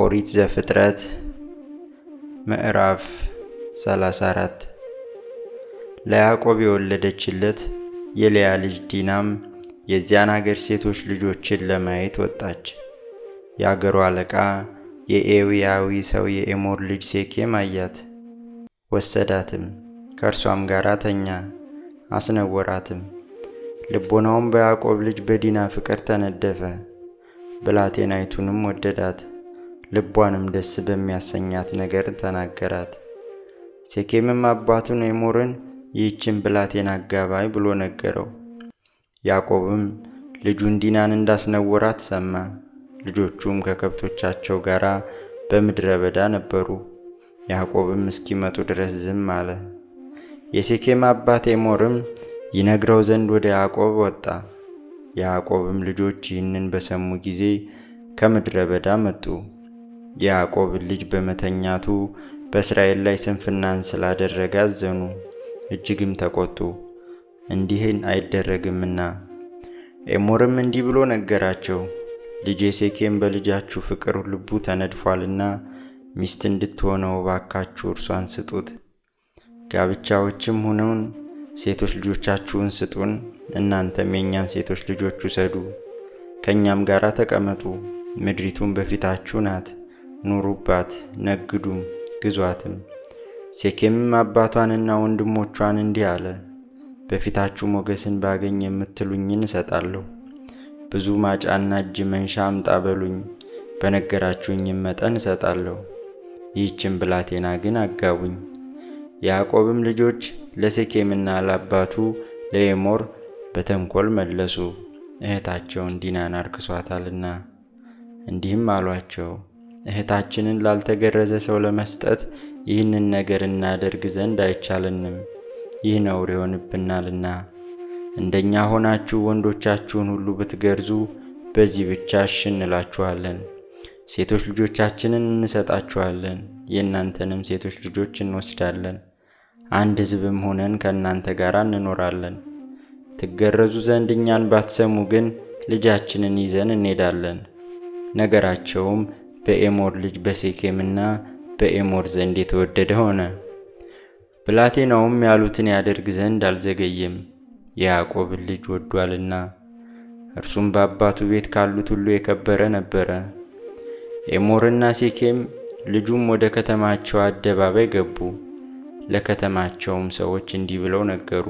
ኦሪት ዘፍጥረት ምዕራፍ 34 ለያዕቆብ የወለደችለት የልያ ልጅ ዲናም የዚያን አገር ሴቶች ልጆችን ለማየት ወጣች። የአገሩ አለቃ የኤዊያዊ ሰው የኤሞር ልጅ ሴኬም አያት፣ ወሰዳትም፣ ከእርሷም ጋር ተኛ፣ አስነወራትም። ልቦናውም በያዕቆብ ልጅ በዲና ፍቅር ተነደፈ፣ ብላቴናይቱንም ወደዳት። ልቧንም ደስ በሚያሰኛት ነገር ተናገራት። ሴኬምም አባቱን ኤሞርን ይህችን ብላቴና አጋባይ ብሎ ነገረው። ያዕቆብም ልጁን ዲናን እንዳስነወራት ሰማ። ልጆቹም ከከብቶቻቸው ጋር በምድረ በዳ ነበሩ። ያዕቆብም እስኪመጡ ድረስ ዝም አለ። የሴኬም አባት ኤሞርም ይነግረው ዘንድ ወደ ያዕቆብ ወጣ። ያዕቆብም ልጆች ይህንን በሰሙ ጊዜ ከምድረ በዳ መጡ። የያዕቆብን ልጅ በመተኛቱ በእስራኤል ላይ ስንፍናን ስላደረገ አዘኑ፣ እጅግም ተቆጡ፣ እንዲህን አይደረግምና። ኤሞርም እንዲህ ብሎ ነገራቸው፣ ልጄ ሴኬም በልጃችሁ ፍቅር ልቡ ተነድፏልና ሚስት እንድትሆነው ባካችሁ እርሷን ስጡት። ጋብቻዎችም ሁነውን ሴቶች ልጆቻችሁን ስጡን፣ እናንተም የእኛን ሴቶች ልጆች ውሰዱ፣ ከእኛም ጋር ተቀመጡ፣ ምድሪቱን በፊታችሁ ናት ኑሩባት፣ ነግዱም፣ ግዟትም። ሴኬምም አባቷንና ወንድሞቿን እንዲህ አለ፣ በፊታችሁ ሞገስን ባገኝ የምትሉኝን እሰጣለሁ። ብዙ ማጫና እጅ መንሻ አምጣ በሉኝ፣ በነገራችሁኝም መጠን እሰጣለሁ። ይህችን ብላቴና ግን አጋቡኝ። ያዕቆብም ልጆች ለሴኬምና ለአባቱ ለኤሞር በተንኮል መለሱ፣ እህታቸውን ዲናን አርክሷታልና። እንዲህም አሏቸው እህታችንን ላልተገረዘ ሰው ለመስጠት ይህንን ነገር እናደርግ ዘንድ አይቻለንም፣ ይህ ነውር ይሆንብናልና። እንደኛ ሆናችሁ ወንዶቻችሁን ሁሉ ብትገርዙ በዚህ ብቻ እሺ እንላችኋለን። ሴቶች ልጆቻችንን እንሰጣችኋለን፣ የእናንተንም ሴቶች ልጆች እንወስዳለን፣ አንድ ሕዝብም ሆነን ከእናንተ ጋር እንኖራለን። ትገረዙ ዘንድ እኛን ባትሰሙ ግን ልጃችንን ይዘን እንሄዳለን። ነገራቸውም በኤሞር ልጅ በሴኬምና በኤሞር ዘንድ የተወደደ ሆነ። ብላቴናውም ያሉትን ያደርግ ዘንድ አልዘገየም፣ የያዕቆብን ልጅ ወዷልና። እርሱም በአባቱ ቤት ካሉት ሁሉ የከበረ ነበረ። ኤሞርና ሴኬም ልጁም ወደ ከተማቸው አደባባይ ገቡ። ለከተማቸውም ሰዎች እንዲህ ብለው ነገሩ፣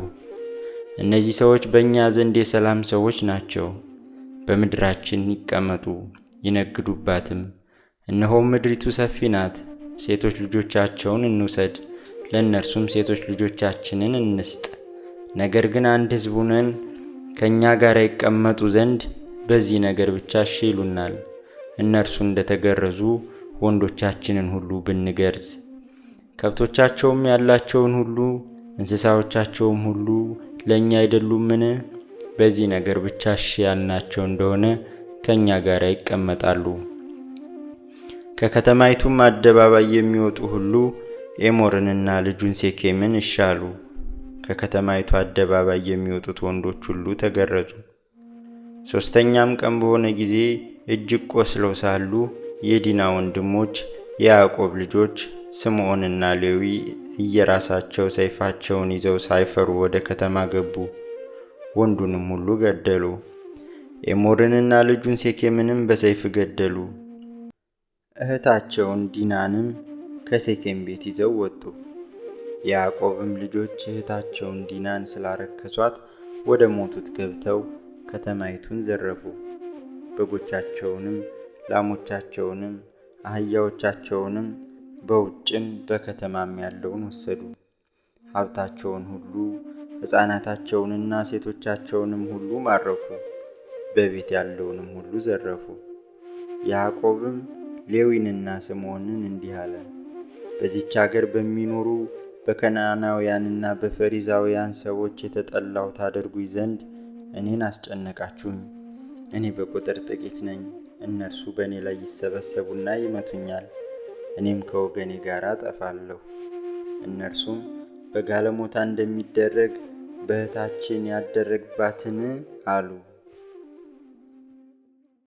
እነዚህ ሰዎች በእኛ ዘንድ የሰላም ሰዎች ናቸው። በምድራችን ይቀመጡ ይነግዱባትም እነሆም ምድሪቱ ሰፊ ናት፣ ሴቶች ልጆቻቸውን እንውሰድ፣ ለእነርሱም ሴቶች ልጆቻችንን እንስጥ። ነገር ግን አንድ ሕዝቡ ነን፣ ከእኛ ጋር ይቀመጡ ዘንድ በዚህ ነገር ብቻ እሺ ይሉናል። እነርሱ እንደተገረዙ ወንዶቻችንን ሁሉ ብንገርዝ፣ ከብቶቻቸውም ያላቸውን ሁሉ እንስሳዎቻቸውም ሁሉ ለእኛ አይደሉምን? በዚህ ነገር ብቻ እሺ ያልናቸው እንደሆነ ከእኛ ጋር ይቀመጣሉ። ከከተማይቱም አደባባይ የሚወጡ ሁሉ ኤሞርንና ልጁን ሴኬምን እሻሉ። ከከተማይቱ አደባባይ የሚወጡት ወንዶች ሁሉ ተገረዙ። ሦስተኛም ቀን በሆነ ጊዜ እጅግ ቆስለው ሳሉ የዲና ወንድሞች የያዕቆብ ልጆች ስምዖንና ሌዊ እየራሳቸው ሰይፋቸውን ይዘው ሳይፈሩ ወደ ከተማ ገቡ፣ ወንዱንም ሁሉ ገደሉ። ኤሞርንና ልጁን ሴኬምንም በሰይፍ ገደሉ። እህታቸውን ዲናንም ከሴኬም ቤት ይዘው ወጡ። ያዕቆብም ልጆች እህታቸውን ዲናን ስላረከሷት ወደ ሞቱት ገብተው ከተማይቱን ዘረፉ። በጎቻቸውንም፣ ላሞቻቸውንም፣ አህያዎቻቸውንም በውጭም በከተማም ያለውን ወሰዱ። ሀብታቸውን ሁሉ ሕፃናታቸውንና ሴቶቻቸውንም ሁሉ ማረኩ። በቤት ያለውንም ሁሉ ዘረፉ። ያዕቆብም ሌዊንና ስምዖንን እንዲህ አለ። በዚች አገር በሚኖሩ በከናናውያንና በፈሪዛውያን ሰዎች የተጠላው ታደርጉኝ ዘንድ እኔን አስጨነቃችሁኝ። እኔ በቁጥር ጥቂት ነኝ። እነርሱ በእኔ ላይ ይሰበሰቡና ይመቱኛል፣ እኔም ከወገኔ ጋር አጠፋለሁ እነርሱም በጋለሞታ እንደሚደረግ በእህታችን ያደረግባትን አሉ።